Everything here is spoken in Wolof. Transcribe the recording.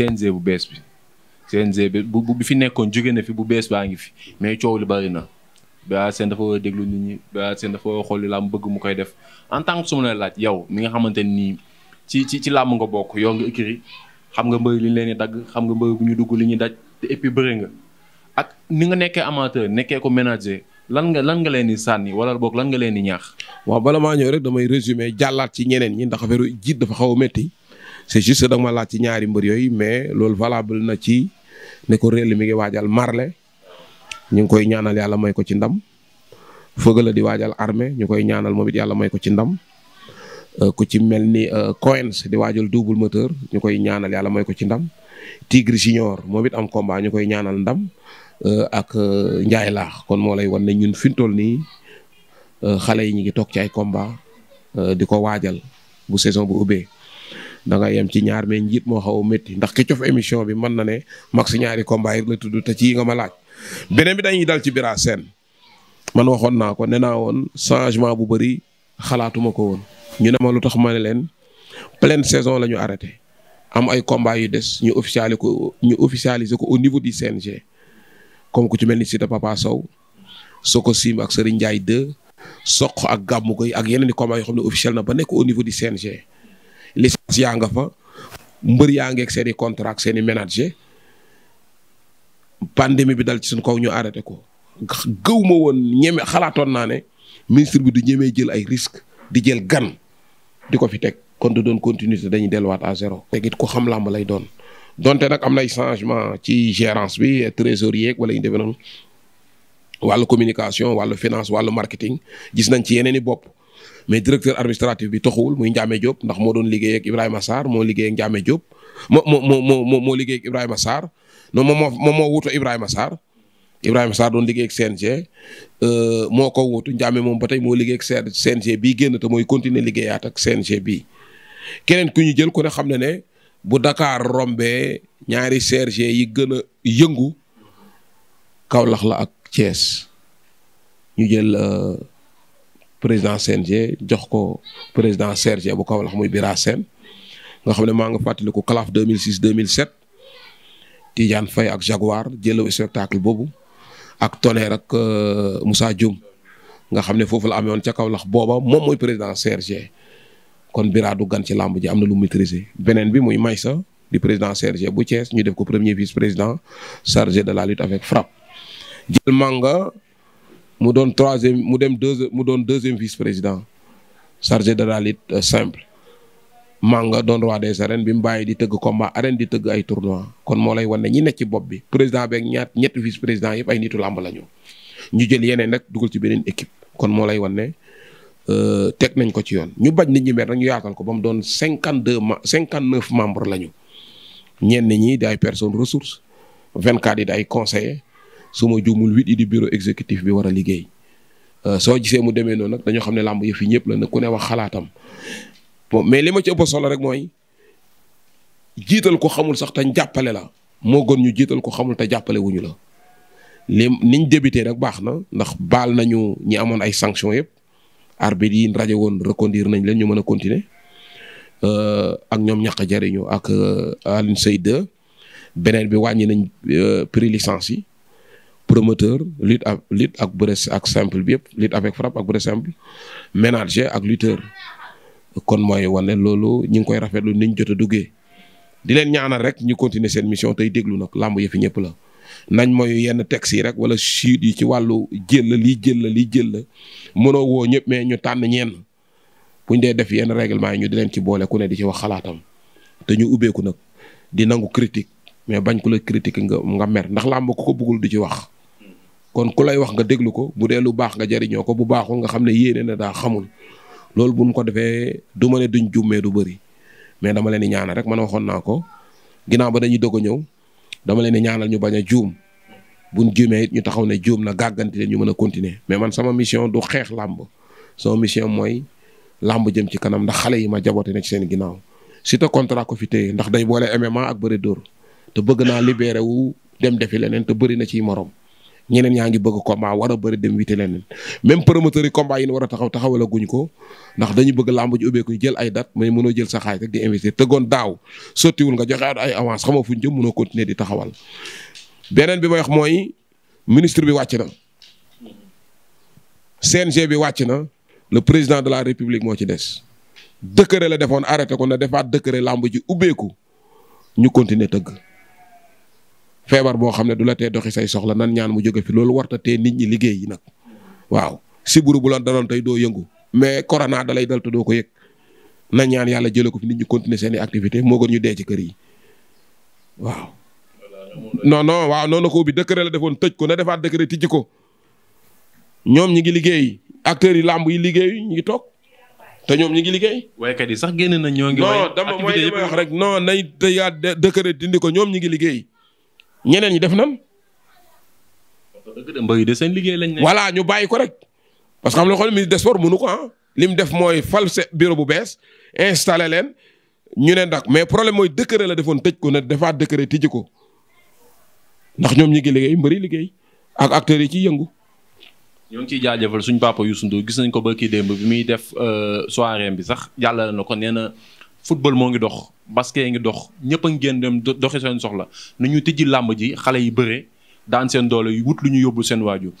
CNG bu bees bi CNG bi bu bi fi nekkoon jóge na fi bu bees baa ngi fi mais coow li bari na Bécaye dafa war déglu nit ñi Bécaye Sène dafa war a xool li bëgg mu koy def en tant que su laaj yow mi nga xamante nii ci ci ci làmb nga bokk yow nga écrit xam nga mbëri li ñu leen di dagg xam nga mbëri bu ñu dugg li ñuy daj te et nga ak ni nga nekkee amateur nekkee ko ménager lan nga lan nga leen di sànni wala boog lan nga leen di ñaax. waaw bala maa ñëw rek damay ci ñeneen ñi ndax affaire jiit xaw a métti c'est juste da nga ma laaj ci ñaari mbër yooyu mais loolu valable na ci ne ko réel mi ngi waajal marle ñu ngi koy ñaanal yàlla may ko ci ndam Feugeula di waajal armée ñu koy ñaanal moom it yàlla may ko ci ndam euh, ku ci mel ni euh, Coins di waajal double moteur ñu koy ñaanal yàlla may ko ci ndam Tigre Junior moom it am combat ñu koy ñaanal ndam euh, ak Njaay laax kon moo lay wan ne ñun fi mu toll nii xale yi ñu ngi toog ci ay combat di ko waajal bu saison bu ubbee. da nga yem ci ñaar mais njiit moo xaw a métti ndax ki cof émission bi mën na ne max ñaari combat yi la tudd te ci nga ma laaj. beneen bi dañuy dal ci biira Sène man waxoon naa ko nee naa woon changement bu bëri xalaatuma ko woon ñu ne ma lu tax ma ne leen pleine saison la ñu arrêté am ay combat yu des ñu officialiser ko ñu officialiser ko au niveau du CNG comme ku ci mel ni Siteu Papa Sow Soko Sim ak sari Ndiaye 2 soq ak gàmmu koy ak yeneen i combat ne officiel na ba nekk au niveau du CNG. licence yaa nga fa mbër yaa ngeeg seen i contrat seen i ménager pandémie bi dal ci suñ kaw ñu arrêté ko gëw woon ñeme xalaatoon naa ne ministre bi du ñemee jël ay risque di jël gan di ko fi teg kon du doon continuité dañuy delluwaat à zéro. teg it ko xam làmb lay doon donte nag am na ay changement ci gérance bi trésorier wala ñu defee noonu wàllu communication wàllu finance wàllu marketing gis nañ ci yeneen i bopp. mais directeur administratif bi toxuwul muy Ndiame Diop ndax moo doon liggéey ak Ibrahima Sarr moo liggéey ak Ndiame moo moo moo moo liggéey ak Ibrahima Sarr non moom moo moom Ibrahima Sarr Ibrahima Sarr doon liggéey ak CNG euh, moo ko wuutu Ndiame moom ba tey moo liggéey ak CNG bi génna te mooy continuer liggéeyaat ak CNG bii. keneen ku ñu jël ku ne xam ne ne bu Dakar rombee ñaari CRG yi gën a yëngu Kaolack la ak Thiès ñu jël. Euh, président CNG jox ko président CRG bu Kaolack muy Bira Sène nga xam ne maa ngi fàttaliku CLAF 2006 2007 Tidiane Faye ak Jaguar jëlaw spectacle boobu ak Tonnerre ak euh, Moussa Dioum nga xam ne foofu la amee woon ca Kaolack booba moom mooy président CRG kon Bira gan ci làmb ji am na lu maîtriser beneen bi muy Maysa di président CRG bu Thiès ñu def ko premier vice président chargé de la lutte avec frappe jël manga mu doon troisième mu dem deuxième mu doon deuxième vice président chargé de la lutte euh, simple Manga doon roi des arènes bi mu bàyyi di tëgg combat arène di tëgg ay tournoi kon moo lay wan ñi nekk ci bopp bi président beeg ñaat ñetti vice président yëpp ay nitu làmb la ñu jël yeneen nag dugal ci beneen équipe kon moo lay wan ne euh, teg nañ ko ci yoon ñu bañ nit ñi mer rek ñu yaatal ko ba mu doon cinquante deux ma cinquante neuf membres la ñu ñenn ñi di ay personnes ressources vingt quatre yi di ay conseillers su ma juumul huit yi di bureau exécutif bi war a liggéey euh, soo gisee mu demee noonu nag dañoo xam ne làmb yëf yi ñëpp la nag ku ne wax xalaatam mais li ma ci ëpp solo rek mooy jiital ko xamul sax te jàppale la moo gën ñu jiital ko xamul te jàppale wuñu la li niñ débuté rek baax na ndax baal nañu ñi amoon ay sanctions yëpp arbitre yi rajo woon reconduire nañ leen ñu mën a continuer euh, ak ñoom ñàkk jariñu ak euh, Alioune Seye 2 beneen bi wàññi nañ prix licence yi promoteur lutte ak lutte ak bëre ak simple bi yëpp lutte avec frappe ak bëre simple ménager ak lutteur kon mooy wane loolu ñu ngi koy rafetlu niñ jot a duggee di leen ñaanal rek ñu continuer seen mission tey déglu nag làmb yëfi ñëpp la nañ mooy yenn textes yi rek wala chute yi ci wàllu jël lii jël lii jël la mënoo woo ñëpp mais ñu tànn ñenn bu ñu dee def yenn règlement yi ñu di leen ci boole ku ne di ci wax xalaatam te ñu ubbeeku nag di nangu critique mais bañ ku la critique nga nga mer ndax làmb ko bëggul di ci wax. kon ku lay wax nga déglu ko bu dee lu baax nga jariñoo ko bu baaxul nga xam ne yéene na daa xamul loolu bu buñ ko defee du ma ne duñ jummee du bëri mais dama leen di ñaanal rek man waxoon naa ko ginnaaw ba dañuy doog a ñëw dama leen di ñu bañ a juum buñ juumee it ñu taxaw ne juum na gàgganti leen ñu mën a continuer mais man sama mission du xeex làmb sama mission mooy làmb jëm ci kanam ndax xale yi ma jabote ne ci seen ginnaaw Siteu contrat ko fi téye ndax day boole MMA ak bëri dóor te bëgg naa libéré wu dem defi leneen te bari na ci morom ñeneen ñaa ngi bëgg combat war a bëri dem wite leneen même promoteur yi combat yi ñu war a taxaw taxawala guñ ko ndax dañu bëgg làmb ji ubbeeku jël ay date mais mënoo jël sa xaalis rek di investir tëggoon nga joxe ay avance xamoo fuñ jëm mënoo continuer di taxawal beneen bi may wax mooy ministre bi wàcc na CNG bi wàcc na le président de la république moo ci des décret la defoon arrêté ko na defaat décret làmb ji ubbeeku ñu continuer tëgg feebar boo xam ne du la tee doxi say soxla nan ñaan mu jóge fi loolu warta tee nit ñi liggéey yi nag waaw siburu bu la daloon tey doo yëngu mais corona da lay dal te doo ko yëg na ñaan yàlla jëlee ko nit ñi continuer seen i activité ñu dee ci kër yi waaw. non non waaw ko bi décret la defoon tëj ko na defaat décret tijji ko ñoom ñi ngi liggéey acteurs yi làmb yi liggéey ñu ngi toog te ñoom ñi ngi liggéey. waykat yi sax génn na ñoo ngi. non dama mooy li ma wax rek non nay tëjaat dindi ko ñoom ñi ngi liggéey. ñeneen ñi def nan. dëgg de seen liggéey lañ voilà ñu bàyyi ko rek parce que xam nga xool ministre des sports mënu ko ah li def mooy fal bureau bu bees installé leen ñu ne ndax mais problème mooy décret la defoon tëj ko ne defaat décret tijji ko ndax ñoom ñi ngi liggéey mbëri liggéey ak acteurs yi ciy yëngu. ñoo ngi ciy jaajëfal suñ papa Youssou Ndour gis nañ ko ba kii démb bi muy def euh, soirée bi sax jàllale na ko nee na football moo ngi dox basket ngi dox ñëpp a ngeen génn dem doxi seen soxla na ñu tijji làmb ji xale yi bëre daan seen doole wut lu ñu yóbbu seen waajur